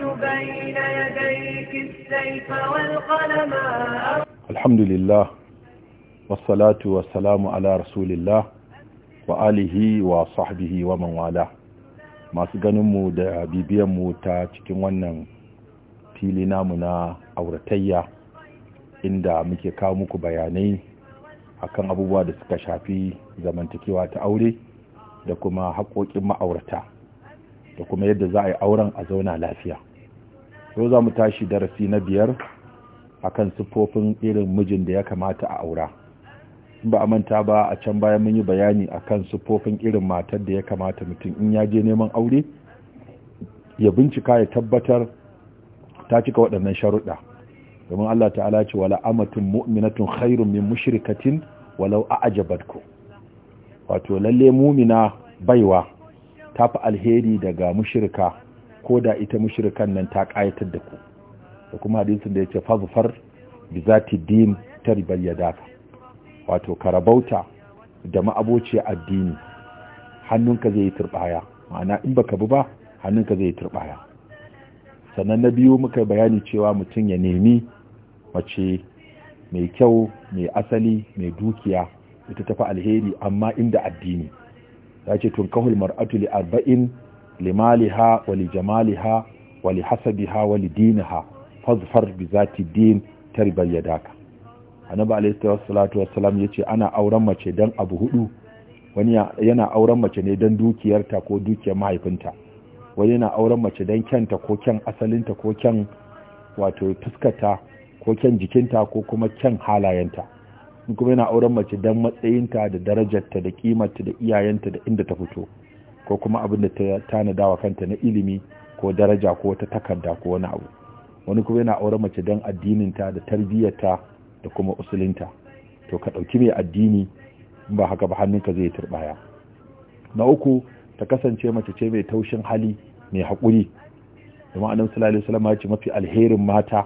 بين يديك السيف والقلم الحمد لله والصلاة والسلام على رسول الله وآله وصحبه ومن والاه masu ganinmu da bibiyanmu ta cikin wannan fili namu na auratayya inda muke kawo muku bayanai akan abubuwa da suka shafi zamantakewa ta aure da kuma haƙoƙin ma'aurata da kuma yadda za a yi auren a zauna lafiya yau za mu tashi darasi na biyar akan siffofin irin mijin da ya kamata a aura in ba a manta ba a can bayan mun yi bayani akan siffofin irin matar da ya kamata mutum in ya je neman aure ya bincika ya tabbatar ta cika waɗannan sharuɗa domin Allah ta'ala ce wala amatun mu'minatun khairun min mushrikatin walau a'jabatku wato lalle mumina baiwa tafi alheri daga mushrika ko da ita mushrikan nan ta kayatar da ku da kuma hadisin da yake fazfar bi zati din ya yadaka wato karabauta da ma'aboci addini hannunka zai yi turbaya ma'ana in baka bi ba hannunka zai yi turbaya sannan na biyu muka bayani cewa mutum ya nemi mace mai kyau mai asali mai dukiya ita tafi alheri amma inda addini ya ce tun kahul mar'atu li arba'in limaliha wa jamaliha wa hasabiha wa diniha fazfar bi zati din tarbar yadaka annabi alayhi salatu wassalam yace ana auren mace dan abu hudu wani yana auren mace ne dan dukiyarta ko dukiyar mahaifinta wani yana auren mace dan kyanta ko kyan asalinta ko kyan wato fuskata ko kyan jikinta ko kuma kyan halayenta kuma yana auren mace dan matsayinta da darajarta da kimarta da iyayenta da inda ta fito ko kuma abin da ta tanada wa kanta na ilimi ko daraja ko wata takarda ko wani abu wani kuma yana aure mace don addininta da tarbiyyarta da kuma usulinta to ka ɗauki mai addini ba haka ba hannunka zai turbaya na uku ta kasance mace ce mai taushin hali mai haƙuri domin anan sallallahu alaihi wasallam mafi alherin mata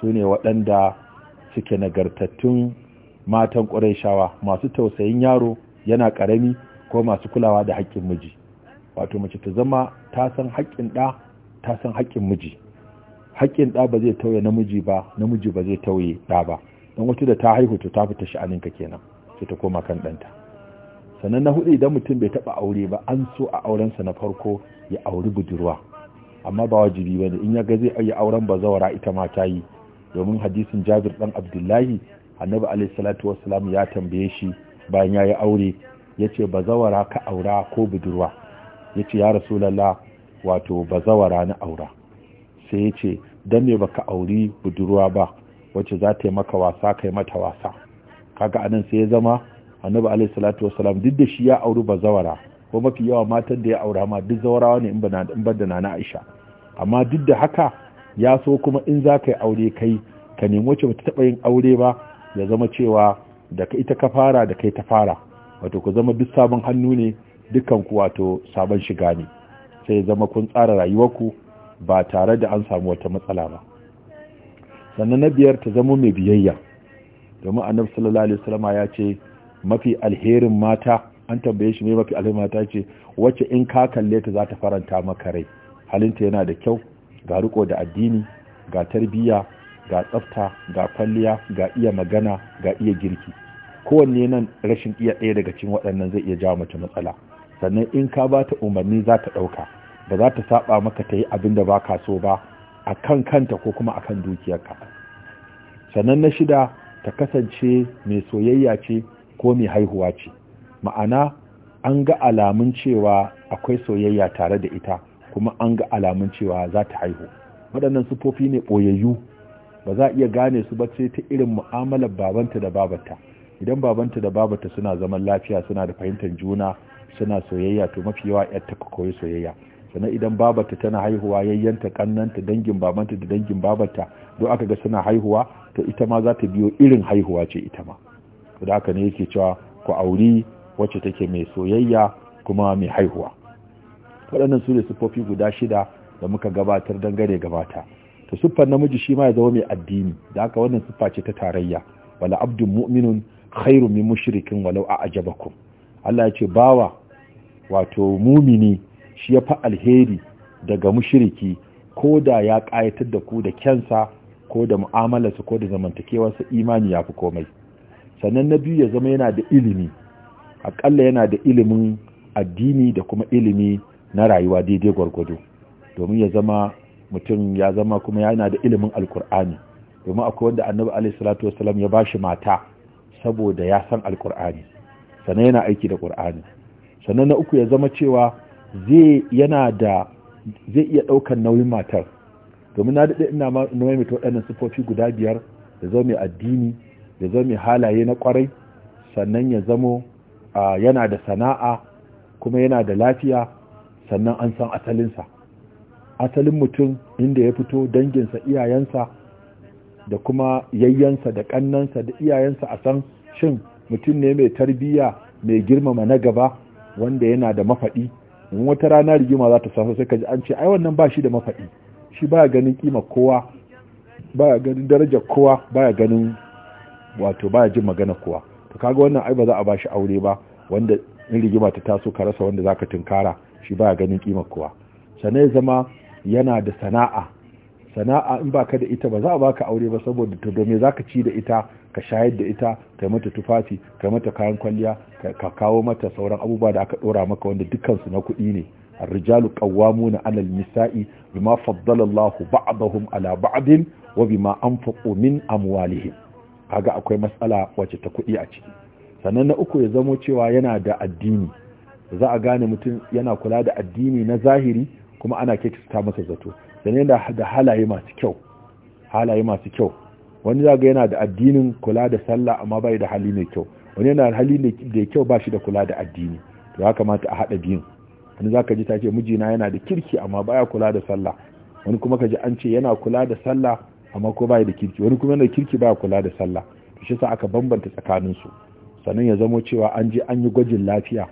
su ne waɗanda suke nagartattun matan shawa masu tausayin yaro yana ƙarami ko masu kulawa da haƙƙin miji wato mace ta zama ta san haƙƙin ɗa ta san haƙƙin miji haƙƙin ɗa ba zai tauye namiji ba namiji ba zai tauye ɗa ba don wata da ta haihu to ta fita ka kenan sai ta koma kan ɗanta sannan na hudu idan mutum bai taɓa aure ba an so a aurensa na farko ya auri budurwa amma ba wajibi ba ne in ya ga zai yi auren bazawara ita ma ta yi domin hadisin jabir ɗan abdullahi annabi alaihi salatu wassalam ya tambaye shi bayan ya yi aure ya ce bazawara ka aura ko budurwa ya ce ya rasu lalla wato bazawara na aura sai ya ce don me baka auri budurwa ba wacce za ta yi maka wasa kai mata wasa kaga anan sai ya zama annabi alaihi salatu wasalam duk da shi ya auri bazawara ko mafi yawa matan da ya aura ma duk zawarawa ne in ban da na Aisha amma duk da haka ya so kuma in za ka yi aure kai ka nemi wacce bata taɓa yin aure ba ya zama cewa da ita ka fara da kai ta fara wato ku zama duk sabon hannu ne dukan ku wato sabon shiga ne sai zama kun tsara rayuwarku ba tare da an samu wata matsala ba sannan na biyar ta zama mai biyayya domin annabi sallallahu alaihi wasallam ya ce mafi alherin mata an tambaye shi me mafi alherin mata ce wacce in ka kalle ta za ta faranta maka rai halinta yana da kyau ga riko da addini ga tarbiyya ga tsafta ga kwalliya ga iya magana ga iya girki kowanne nan rashin iya ɗaya daga cikin waɗannan zai iya jawo mace matsala sannan in ka ba ta umarni za ta ɗauka ba za ta saba maka ta yi abin da ba ka so ba a kan kanta ko kuma a kan dukiyarka sannan na shida ta kasance mai soyayya ce ko mai haihuwa ce ma'ana an ga alamun cewa akwai soyayya tare da ita kuma an ga alamun cewa za ta haihu waɗannan sufofi ne ɓoyayyu ba za a iya gane su ba sai ta irin mu'amalar babanta da babata idan babanta da babata suna zaman lafiya suna da fahimtar juna suna soyayya to mafi yawa yar ta koyi soyayya sannan idan babarta tana haihuwa yayyanta kannanta dangin babanta da dangin babarta don aka ga suna haihuwa to ita ma za ta biyo irin haihuwa ce ita ma to da haka ne yake cewa ku auri wacce take mai soyayya kuma mai haihuwa waɗannan su ne siffofi guda shida da muka gabatar dangane gabata to siffar namiji shi ma ya zama mai addini da haka wannan siffa ce ta tarayya wala abdun mu'minun khairun min mushrikin walau a ajabakum Allah ya ce bawa wato mumini shi ya fi alheri daga mushiriki ko da ya ƙayatar da ku da kyansa ko da mu'amalarsa ko da zamantakewarsa imani ya fi komai sannan na biyu ya zama yana da ilimi aƙalla yana da ilimin addini da kuma ilimi na rayuwa daidai gwargwado domin ya zama mutum ya zama kuma yana da ilimin alkur'ani domin akwai wanda annabi alaihi salatu wasalam ya bashi mata saboda ya san alkur'ani sannan yana aiki da ƙur'ani sannan na uku ya zama cewa zai yana da zai iya ɗaukar nauyin matar domin na daɗe ina nauyin mai waɗannan siffofi guda biyar ya zama mai addini ya zama mai halaye na ƙwarai sannan ya zamo yana da sana'a kuma yana da lafiya sannan an san asalinsa asalin mutum inda ya fito danginsa iyayensa da kuma yayyansa da ƙannansa da iyayensa a san shin mutum ne mai tarbiyya mai girmama na gaba wanda yana da mafaɗi in wata rana rigima za ta saso sai ka ji an ce ai wannan ba shi da mafaɗi shi baya ganin kima kowa baya ganin darajar kowa baya ganin wato baya jin magana kowa to kaga wannan ai ba za a ba shi aure ba wanda in rigima ta taso ka rasa wanda zaka tunkara shi baya ganin kima kowa sanai zama yana da sana'a sana'a in baka da ita ba za a baka aure ba saboda to domin za ka ci da ita ka shayar da ita ka mata tufafi ka mata kayan kwalliya ka kawo mata sauran abubuwa da aka ɗora maka wanda dukansu na kuɗi ne الرجال قوامون على النساء بما فضل الله بعضهم على بعض وبما أنفقوا من أموالهم kaga akwai matsala wacce ta kuɗi a ciki sannan na uku ya zamo cewa yana da addini za a gane mutum yana kula da addini na zahiri kuma ana kyautata masa zato sannan da halaye masu kyau halaye masu kyau wani zaga yana da addinin kula da sallah amma bai da hali mai kyau wani yana da hali da kyau ba shi da kula da addini to ya kamata a haɗa biyun wani zaka ji ta ce mijina yana da kirki amma baya kula da sallah wani kuma ka ji an ce yana kula da sallah amma ko bai da kirki wani kuma yana da kirki baya kula da sallah to shi sa aka bambanta tsakanin su sannan ya zamo cewa an je an yi gwajin lafiya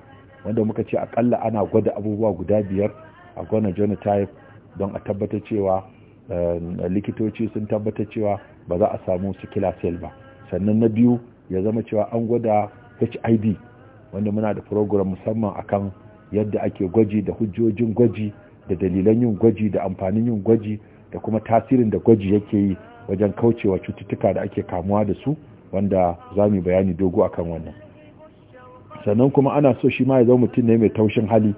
wanda muka ce akalla ana gwada abubuwa guda biyar a gona genotype don a tabbatar cewa eh, likitoci sun tabbatar cewa ba za a samu sikila cell ba sannan na biyu ya zama cewa an gwada hiv wanda muna da program musamman akan yadda ake gwaji da hujjojin gwaji da dalilan yin gwaji da amfanin yin gwaji da kuma tasirin da gwaji yake yi wajen kaucewa cututtuka da ake kamuwa da su wanda za mu bayani dogo akan wannan sannan kuma ana so shi ma ya zama mutum ne mai taushin hali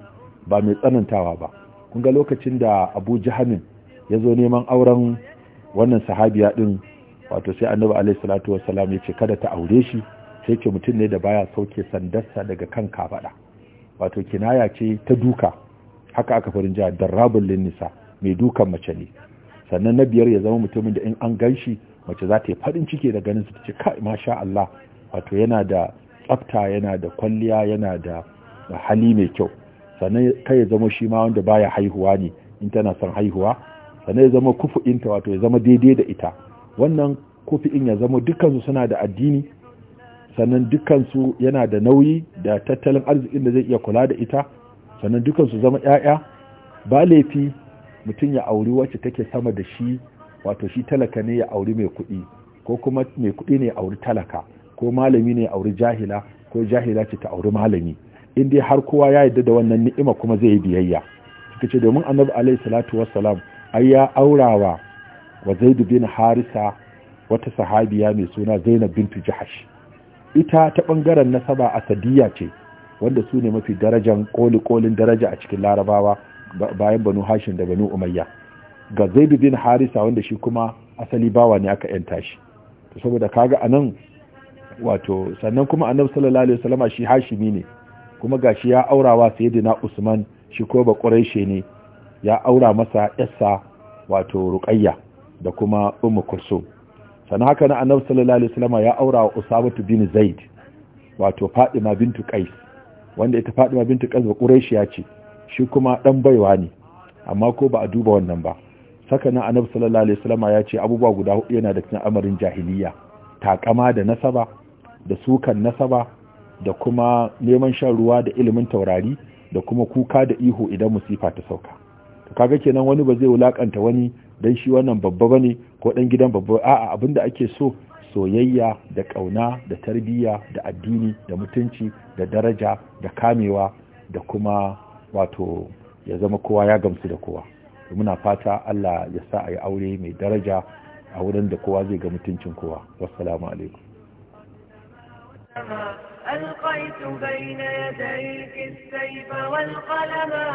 ba mai tsanantawa ba kun ga lokacin da abu jahamin ya zo neman auren wannan sahabiya din wato sai annabi alaihi salatu wassalam ya ce kada ta aure shi sai ce mutum ne da baya sauke sandarsa daga kan kafada wato kinaya ce ta duka haka aka farin jiya darrabul linnisa mai dukan mace ne sannan na biyar ya zama mutumin da in an ganshi mace za ta yi farin ciki da ganin su ta ce kai masha Allah wato yana da tsafta yana da kwalliya yana da hali mai kyau sannan kai ya zama shi ma wanda baya haihuwa ne in tana son haihuwa sannan ya zama kufu'inta wato ya zama daidai da ita wannan kufu'in ya zama dukansu suna da addini sannan dukansu yana da nauyi da tattalin arzikin da zai iya kula da ita sannan dukansu zama 'ya'ya ba laifi mutum ya auri wacce take sama da shi wato shi talaka ne ya auri mai kuɗi ko kuma mai kuɗi ne ya auri talaka ko malami ne ya auri jahila ko jahila ce ta auri malami in har kowa ya yarda da wannan ni'ima kuma zai yi biyayya suka ce domin annabi alaihi salatu wassalam ai ya aurawa wa zaid bin harisa wata sahabiya mai suna zainab bintu jahash ita ta bangaren nasaba asadiya ce wanda su ne mafi darajan koli kolin daraja a cikin larabawa bayan banu hashim da banu umayya ga zaid bin harisa wanda shi kuma asali bawa ne aka yanta shi saboda kaga anan wato sannan kuma annabi sallallahu alaihi wasallama shi hashimi ne kuma gashi ya aurawa sayyidina Usman shi ko ba Quraishe ne ya aura masa yassa wato Ruqayya da kuma Ummu Kulsum sannan haka na Annabi sallallahu alaihi wasallam ya aura wa Usama bin Zaid wato Fatima bintu Qais wanda ita Fatima bintu Qais ba ya ce shi kuma dan baiwa ne amma ko ba a duba wannan ba saka na Annabi sallallahu alaihi wasallam ya ce abubuwa guda hudu yana da cikin amarin jahiliya takama da nasaba da sukan nasaba da kuma neman shan ruwa da ilimin taurari da kuma kuka da ihu idan musifa ta sauka to kaga kenan wani ba zai wulaƙanta wani dan shi wannan babba bane ko dan gidan babba a'a da ake so soyayya da ƙauna, da tarbiyya da addini da mutunci da daraja da kamewa da kuma wato ya zama kowa ya gamsu da kowa muna fata Allah ya sa a yi aure mai daraja a wurin da kowa zai ga mutuncin kowa wassalamu alaikum ألقيت بين يديك السيف والقلم